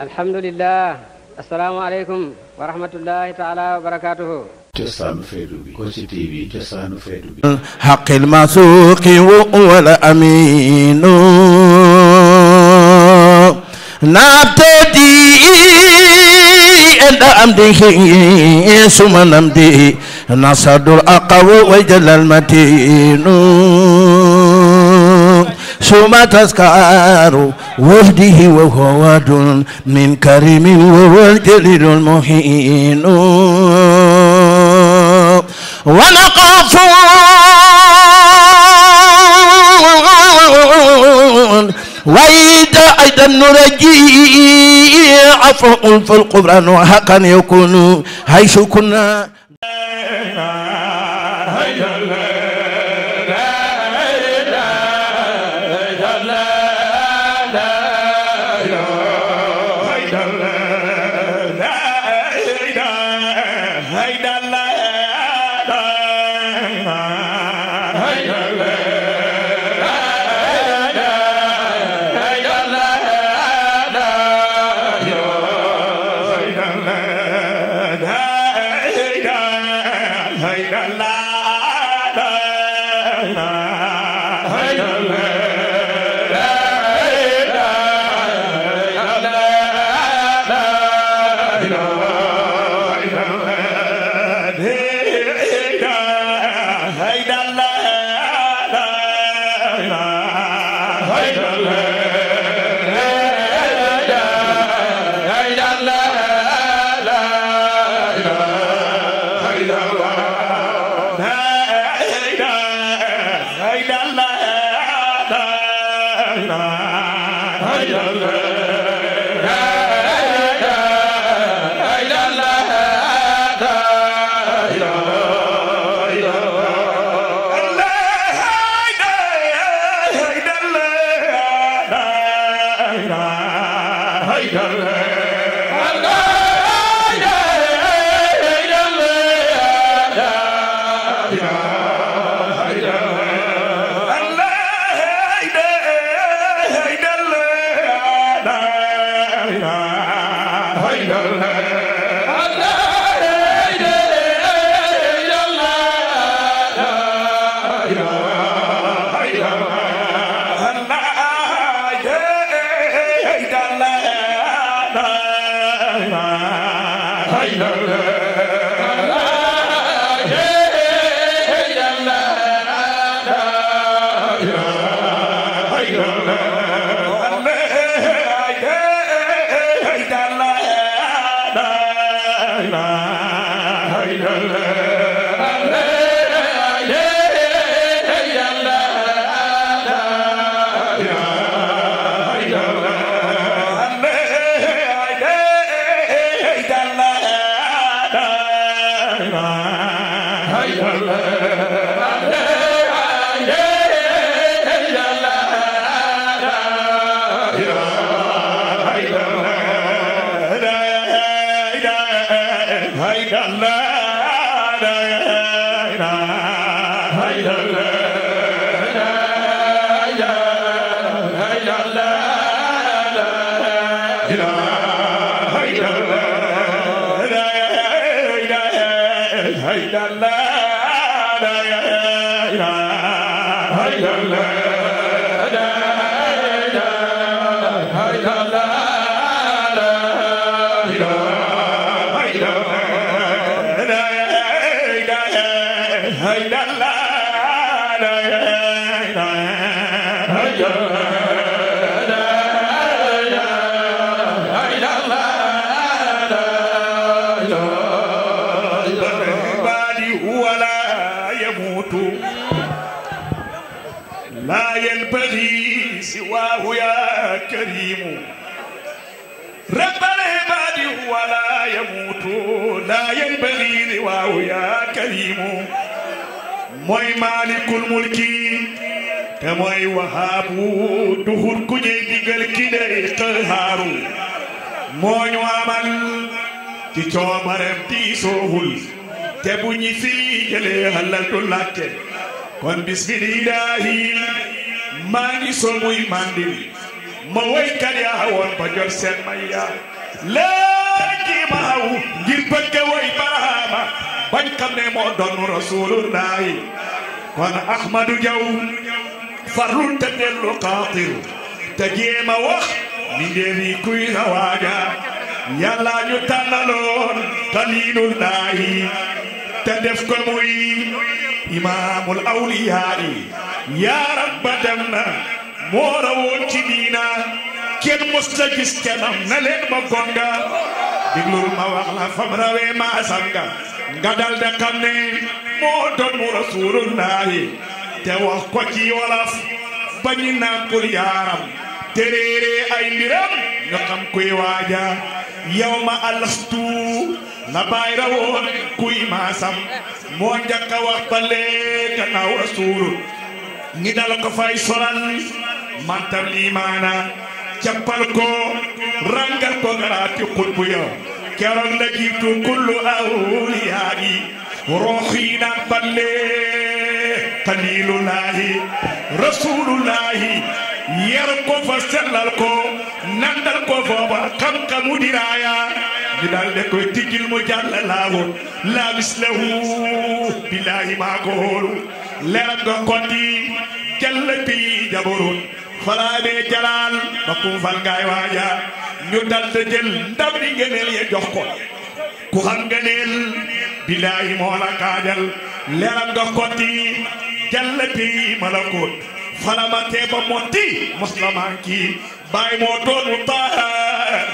الحمد لله السلام عليكم ورحمة الله تعالى وبركاته حق المسوق والأمين نبتدي عند أمده ثم نمدي نصد الأقوى وجل المتين ثم تسكار وفده وهو ود من كريم وهو الجليل ونقف وإذا أيضا نرجي عفو القرآن وهكا يكون حيث كنا la la Jaya I know. la la la لا ينبغي لواه يا كريم mooy maalikul mulki te mooy wahaabu duxut ku ñuy diggal ki day xëhaaru moo ñu amal ci coobareem tiisoohul te bu ñi fi jëlee halal kon bismillaahi maa ngi sol muy mandil ma woykat yaa woon ba jot seen may yaa laa ji maaw ngir woy baraama bañ xam ne moo doon rasulullahi kon ahmadu jaw farlul te dellu xaatiru te jéem a wax ni ndéem yi kuy sa waaja yàlla ñu tànnaloon xalilullahi ko muy imaamul awliyaa yi yaa rabba dem moo rawoon diina kenn musta gis kenam na leen ma gonga diglul ma wax la fam rawee ma sanga nga dal de xam ne moo doon mu rasulullahi te wax ko ci wolof bañu naan pour yaaram te réeree ay mbiram ñu xam kuy waaja yow ma alastu la bàyyi ra woon kuy maasam moo njëkk a wax ba léegi gannaaw rasuul ñi dal ko fay soral mantam limaana cappal ko rangal ko garaati xutbu yow كرم نجيبت كل أوليائي روحي نقبل قليل الله رسول الله يركو فسللكو نندركو فوبا كم كم ديرايا بلال دكو تيجيل مجال لا لا مثله بالله ما قول لرم كوندي جلتي جبرون فلا بي جلال بكون فالغاي واجا ñu dal te jël ndam li ku xam ngëneel billaahi moo kaajal leeral nga jallati malakut falamate ba motti muslamaan kii baay moo doonu taar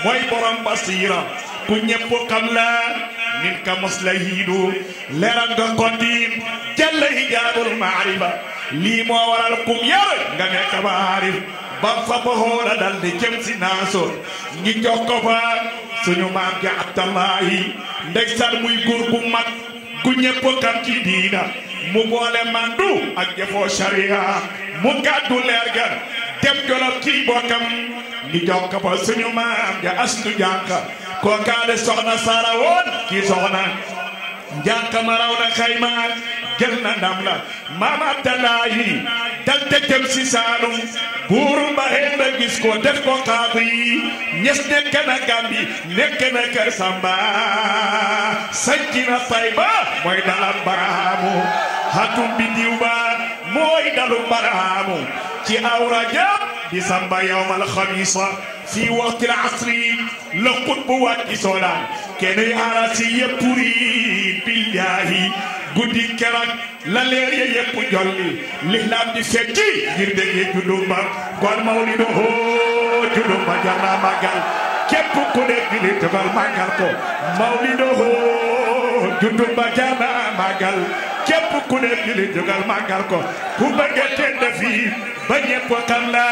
mooy borom basiira ku ñëpp xam la min ka mos la hiidu leeral nga kondiim jalla hijaabul maarifa lii moo waral kum yar nga nekk maarif ba fa ba hoola dal di jëm ngi jox fa suñu maam ja abdallahi ndeysaan muy góor gu mat ku ñëpp xam ci diina mu boole mandu ak jëfoo sharia mu gàddu leer ga dem jolof kii bokkam ngi jox fa suñu maam ja astu jànka kookaale soxna saara woon kii soxna njànq ma raw na xayma jël na ndam la maam Abdallahi dal te jëm Saalum buuru mbaxee ba gis ko def ko xaatu ñes nekk na Gàmbi nekk na Kër Samba sanc na Tayba mooy dalam baraamu xatum bi diw ba mooy dalu baraamu ci awra jàpp ديسمبر يوم الخميس في وقت العصر لقطب وادي سولان كان يارسي يبوري بالله guddi keroog la leer ya yëpp jolli lislaam di fekki ngir déggee juddum ba kon mawliduhu juddum ba jar naa màggal ne jullit dogal màggal ko mawliduhu juddu ba jana màggal képp ku ne juli jógal màggal ko ku bëgg tedd fii ba ñépp xam la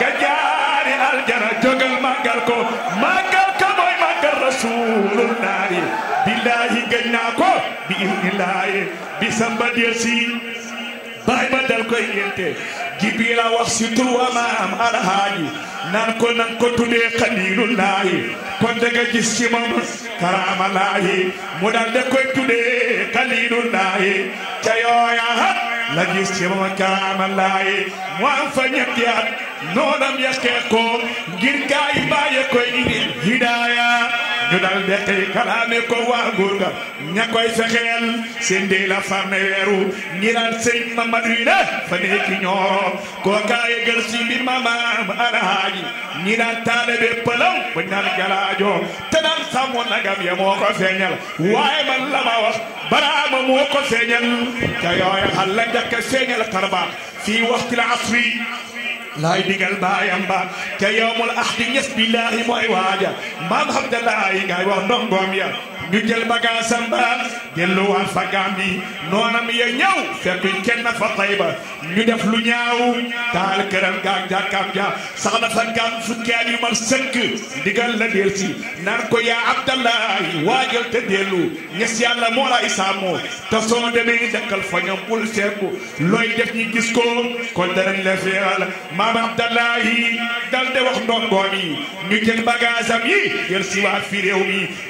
nga jaari aljana jógal màggal ko màggal ka mooy màggal rasulullahi billahi gëñ naa ko bi samba dir si baay koy yente jibril a wax si tur wa maam alhaaji nan ko nan ko tuddee xalilullaahi kon daga gis ci moom karamalaahi mu dal de koy tuddee xalilullaahi ca yooya la gis ci moom karamalaahi mu am fa ñetti at noonam yàqee ko ngir gaa yi bàyyi koy indi hidaaya ñu dal deqi kalaame ko waa góor ña koy fexeel seen dey la farne weeru ngiral sëriñ Mamadu yi la fa nekki ñooro kookaa yëgal si bi mamaam alhaaji ñi daan taalibe pëlaw ba ñaan galaajo te daan sàmmoon nagam ya moo ko feeñal waaye man la ma wax baraama moo ko feeñal ca xal la njëkk a feeñal xarbaax fii waxtil asri laay digal baayam ba ca yowmul axdi ñes billaahi mooy waaja maam xam te laay ngay wax ndongoom ya ñu jël bagaasam ba delluwaat fa Gàmbi noonam ya ñëw fekkuñ kenn fa Tayba ñu def lu ñaaw taal këram gaag jàkkaam ja sax dafa gàm fukki at yu mat sëkk ndigal la del si naan ko yaa Abdallahi waajal te dellu ñes yàlla moo la isaamoo te de demee dëkkal fa ñoom bul seeku looy def ñi gis ko kon danañ la feeral maam Abdallahi dal de wax ndongoom yi ñu jël bagage am yi del si waat fi réew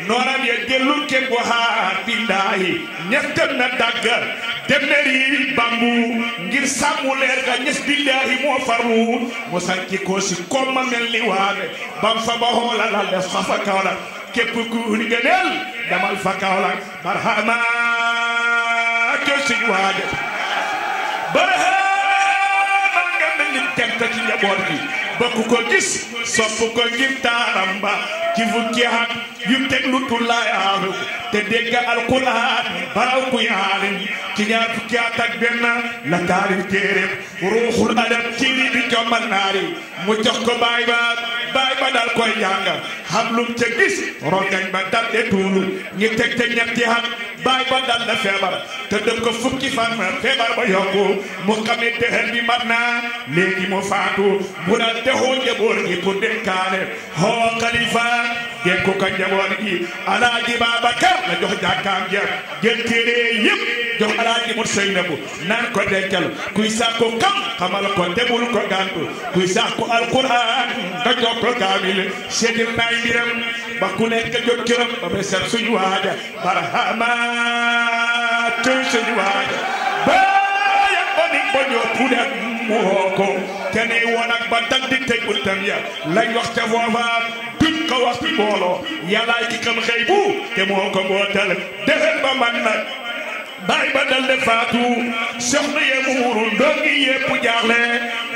noonam ya dellu kenn waxaat bindaa Ali ñes dem na dagg demner yi bambu ngir sàmmu leer ga ñes billaahi moo farlu mu sanci ko si kom ma mel ni waane bam fa ba xoola la def fa Kaolack képp ku ni gëneel damal fa Kaolack barhama ke si waade barhama teg ko ci njaboot gi ba ku ko gis sopp ko ngir taaram ba ci fukki at yu teg lu tullaayaaru te dégg alquran baraw ku yaarin ci ñaar fukki at la taarim téeréem ruuxul adab ci li bi jommal naari mu jox ko baay baat baay ba daal koy jàngal xam lum ca gis rongañ ba dal de tuuru ñi teg te ñetti xam baay ba dal na feebar te def ko fukki fan feebar ba yokku mu xam ne dexel bi mat naa léegi mu faatu bu dal dexoo njaboot gi pour dénkaane xoo xalifa dénku ko njaboot gi alaaji Babacar la jox jàkkaam ja jël téere yëpp jox alaaji mut sëy na bu naan ko dencal kuy sàkku kam xamal ko tebul ko gàntu kuy sàkku alquran nga jox ko kaamil seetil naay mbiram ba ku nekk jot kiram ba be seet suñu waaja barahama tëj suñu waaja baaya ba ni ba ñoo tuudeeg mu woo ko te ne woon ak ba dag di teg buntam ya lañ wax ca foofa duñ ko wax ci mbooloo yàllaay ki kam xëy bu te moo ko mbootal ba man nag baay ba dal de faatu soxna ye muuru ndongi yépp jaaxle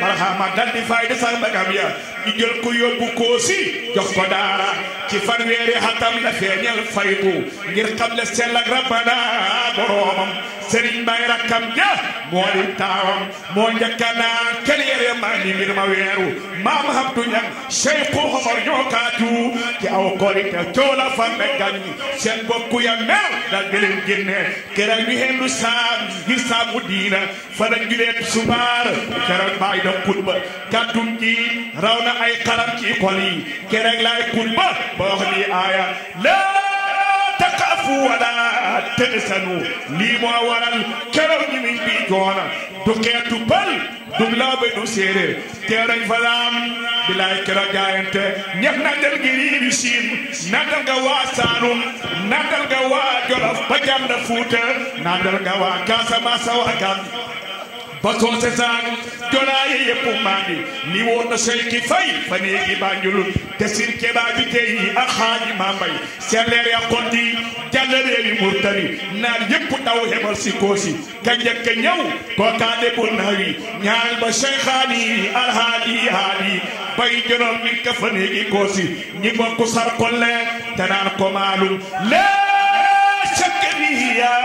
barxaama dal di fay di sax bagam ya ñu jël ko yóbbu koosi jox ko daara ci fanweeri xatam la feeñal faytu ngir xam le sell boroomam sëriñ bay rakkam moo di taawam moo njëkka naa kenn yére ni ngir ma weeru maam xabdu ñag cheikhu xomor ñoo kaatu ci aw korite coola fanbe gañ seen bokku ya mer dal di leen génne keroog ñu hendu saam ngir saamu diina fa la julee subaar keroog bay da xutba kàddum ji raw na ay xaram ci xol yi keroog laay xutba ba wax ni aaya la taqafu wala tëgsanu lii moo waral keroog ñu min bi joona du xeetu pal dum laa bay du séeréer teerañ falaam bilaay keroog jaayante ñex natal gi riibi siin natal nga waa saanum natal nga waa jolof ba jam na fuuta natal nga waa Casamance waa Gàmbi basonse saag jolaaye yëpp maandi ni woona selki fay fa neegi banjul te sir kebaabi tey a xaaji maa mbay serleer ya kondi jàllareeri murtari naar yëpp daw hebal si koosi ka njëkk ñëw kookaane bu nawi ñaal ba seyxaani alhaali haali bay juróom mi ka fa neegi koosi ñi bokku sar kolle te naan ko maalum lee شكري يا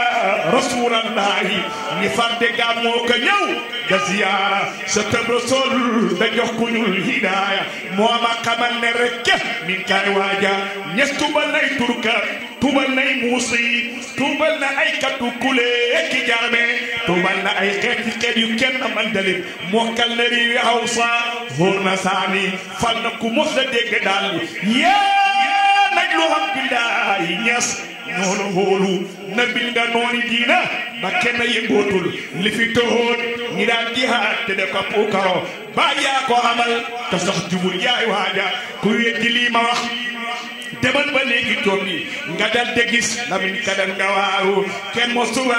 رسول الله نفرد قاموك يو دزيارة ستم رسول دجوكن الهداية موما قمن ركة من كان واجا نستبل لي تركة تبل لي موسي تبل لي كتو كوليك جارمي تبل لي كتو كدو كن من دلم موكال نري حوصا هورنا ساني فلنكو مخدق دال يا نجلو هم بالله يس ñoo la wóolu nabil nga nooni diina ba kenn yëngootul li fi tëxoon ñi daan jihaat te de ko puukaroo ba yaa ko amal te sax jubul yaay waaja ku weddi lii ma wax demal ba léegi toog ni nga dal de gis lamin kadal nga waaru kenn mosuwa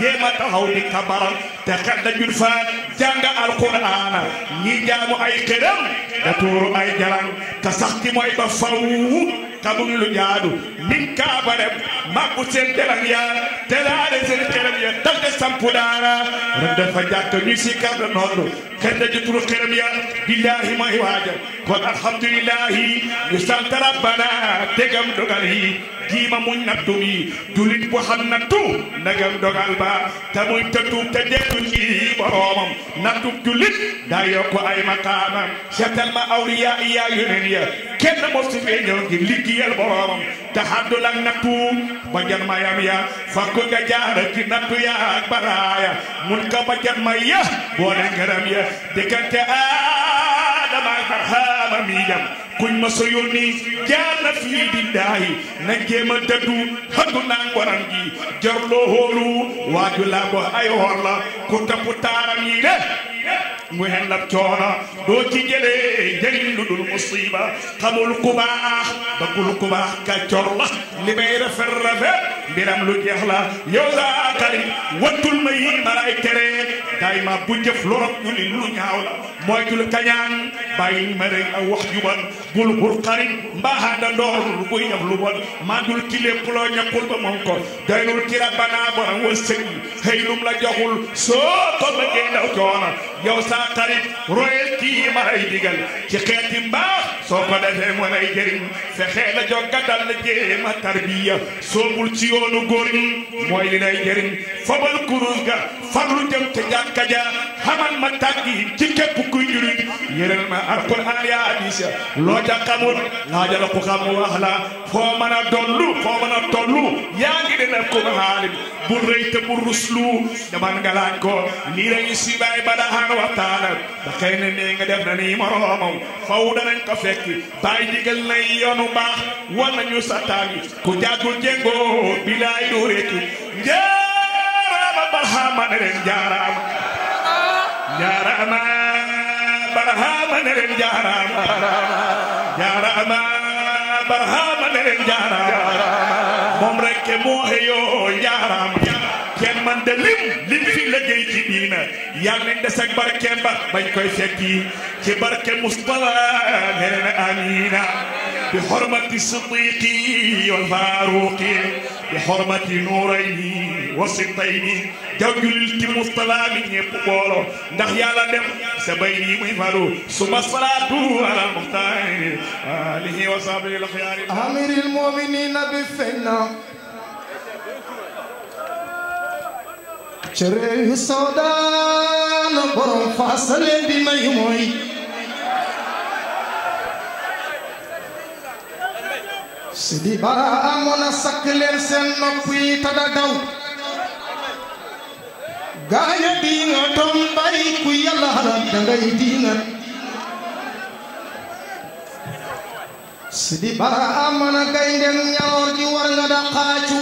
jéema taxaw di kabaram te xel na jul fa jàng alquraan ñi jaamu ay xëram da tuuru ay jalan te sax ci mooy ba faw xamuñ lu jaadu min kaa ba dem màggu seen delang yaa te laale seen xeram ya dal de sampu daara ren dafa jàkk ñu si kar noonu kenn da juturu xeram ya billahi may waaja kon alhamdulillahi ñu sant rabbana tegam dogal yi jiima muñ nattu bi julit bu xam nattu ndegam dogal ba te muy tëddug te dellu ci boroomam nattug julit daa yokku ay maqaamam seetal ma awliya ya yoneen ya kenn mos ci feeñoo ngir liggéeyal boroomam te xaddu nag nattu ba jan mayam ya fakku nga jaara ci nattu ya ak baraaya mun ka ba jan may ya boole ngërëm ya diggante a aadama barhaama mi jam kuñ ma soyónni jaar na fii billaahi na jéem a dëddu xëddu naa ngoram gi jorloo hóolu waaju laa ko ay hor ku tapu taaram yi de mu hen lab coona doo ci jëlee njëriñ lu dul musiba xamul ku baax ba kul ku baax ka cor la li may rafet rafet mbiram lu jeex la yow laa tari wattul ma yi ma bu jëf lu rab yu li lu ñaaw la moytul kañaan bàyyi ma a ak wax ju bon bul bul xarit mbaaxaada ndoor buy def lu bon mandul ci lépp loo ñàkkul ba moom ko doylul ci rabbanaa borom wërsëg xëy lum la joxul soo ko bëggee daw coono yow saa tarit royal ci yi ma lay digal ci xeeti mbaax soo ko defee mu lay jëriñ fexee la jox gàddal la jéema tarbiya soobul ci yoonu góor ñi mooy li lay jëriñ fabal kurus ga faglu jëm te jàkka ja xamal ma tàggi ci képp kuy jurit yëral ma alquran ya hadis ya loo ca xamul laajal ko xam wax la foo mën a dollu foo mën a tollu yaa ngi dina ko xaalim bu rëy nga laaj ko lii lañu si bàyyi ba daan waxtaana da na nee nga def na nii moroomam faw danañ ko fekk bàyyi digal na yoonu baax wala ñu sataani ku jàggul jéngoo bilaay du rekk njaaraama barxaama ne leen njaaraama jaaraama barahama ne leen jaaraama jaaraama barahama ne leen jaaraama moom rek moo xëyoo jaaraama kenn man de lim lim fi liggéey ci diina yàlla nañ des ak barkeem ba bañ koy fekki ci barke Mustafa leen amiina bi xormati siddiqi wal faaruqi bi xormati nuurayni wasitayni jawjulil ci mustalaami ñépp booloo ndax yàlla dem sa bay yi muy faru suma salaatu ala muxtaari alihi wa sahbihi alxiyaari amiril muminina bi fenna ci réew yu sawdaana borom faasa leen di may mooy si di bara amoon a sakk leen tada daw gaaña diiŋa tom bay ku yàlla xalaat dangay diiŋa sidi bara amana gayndem ñamoor ji war nga da xaacu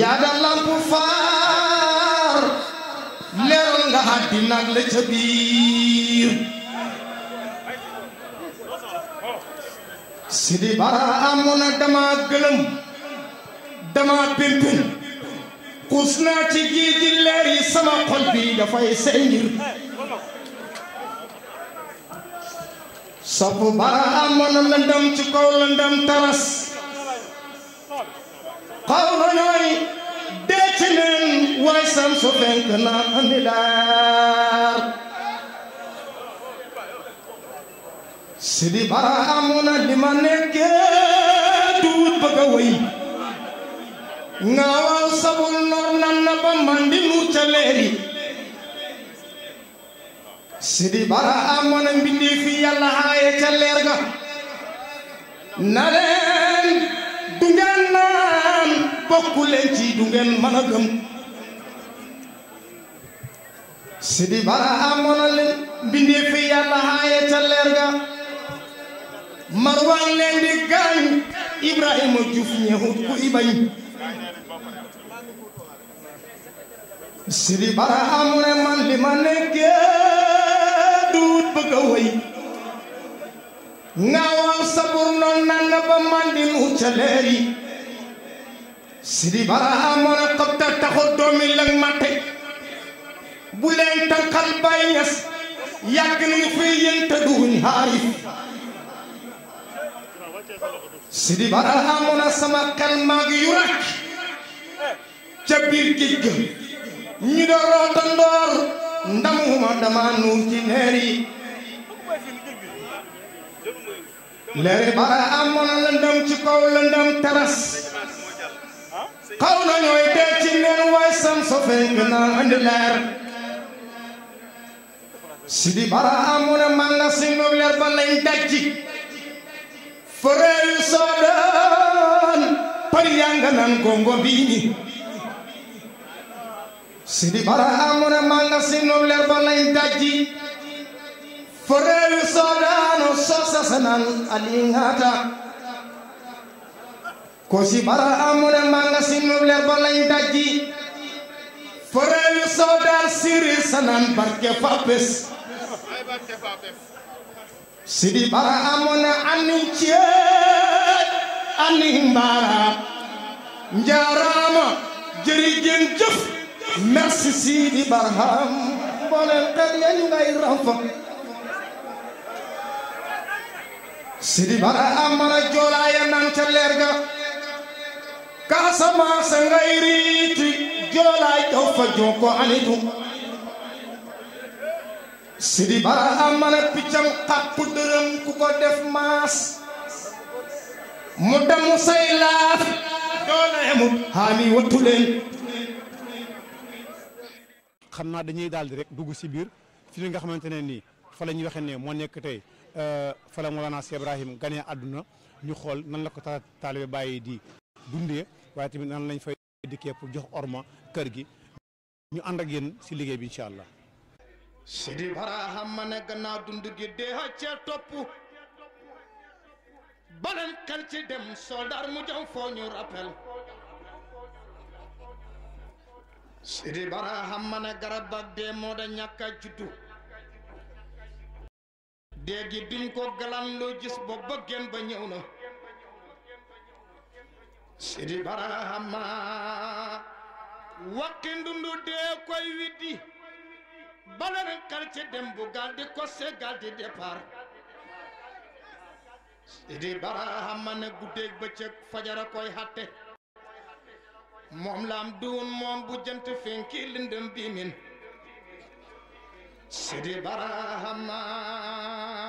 yaa da lampu faar leeral nga àddina ak la ca biir sidi bara amana dama gëlëm dama pimpin xuus naa ci géeji leer yi sama xol bi dafay say ngir sopp bara amoon na lëndam ci kaw lëndam taras xaw ma dee ci neen waaye sam su fenk naa andi daar si di na li ma nekkee duut bëgg a ngaawaaw sabul noor nan na ba mandi nu ca leeri sidi bara amoon na mbindee fi yàlla ga na leen du naan bokku leen ci du ngeen mën a gëm bara amoon na leen mbindee fi yàlla ga marwaan leen di gaañ Ibrahima Juuf ñeexut ku i Sëriñ Bara mu ne man li ma nekkee duut bëgg a nga waaw sabur noon nanga ba man di nu ca leeri Sëriñ Bara mu ne xabta taxu doomi ma tey bu leen tànqal Baay Ñas yàgg nañu fi yéen te sidi baral amoon a sama xel maag yu ca biir géej ga ñu roota ndoor ndamuma dama nuur ci neer yi leeri baral amoon a lëndëm ci kaw lëndëm taras xaw na ñooy dee ci neer waay sam so fekk naa andi leer sidi baral amoon a manga si noog leer ba lañ dajji forel soɗon pariyanganan gongo mbini sidi bara amune manga sinnom lerba nayi dajji forel soɗano sosasanan alingata kosi bara amune manga sinnom lerba nayi dajji forel soɗan siri sanan barke fapes sidi bara amoon na ani ceeb ani mbaaraam njaaraama jërëjën jëf merci sidi barham mboolem xel ya ñu ngay rafa sidi bara amoon na joolaaya naan ca leer ga ngay riiti joolaay daw fa jooko anitu sidi bara amana piccam xàpp dërëm ku ko def maas mu damu say laaf doole amut xaami wattu leen xam naa dañuy daal di rek dugg si biir fi nga xamante ne nii fa la ñuy ne moo nekk tey euh, fa la Mawlana Cheikh Ibrahim ganee àdduna ñu xool nan la ko ta taalibe bàyyi di dundee waaye tamit nan lañ fay dikkee pour jox orma kër gi ñu ànd ak yéen si liggéey bi incha allah Sidi Barahama ne gannaaw dund gi dee ca topp baleen xel ci dem soldaar mu jëm foo rappel Sidi Barahama ne garab dee moo da ñàkk a juddu dee gi duñ ko galan loo gis ba bëggeen ba na Sidi Barahama waqi ndundu dee koy widdi balare quartier dembo garde cosse garde départ sidi bara hammane guddeg beccek fajara koy hatte mom lam duwon mom bu jant fenki lindem bimin sidi bara hammane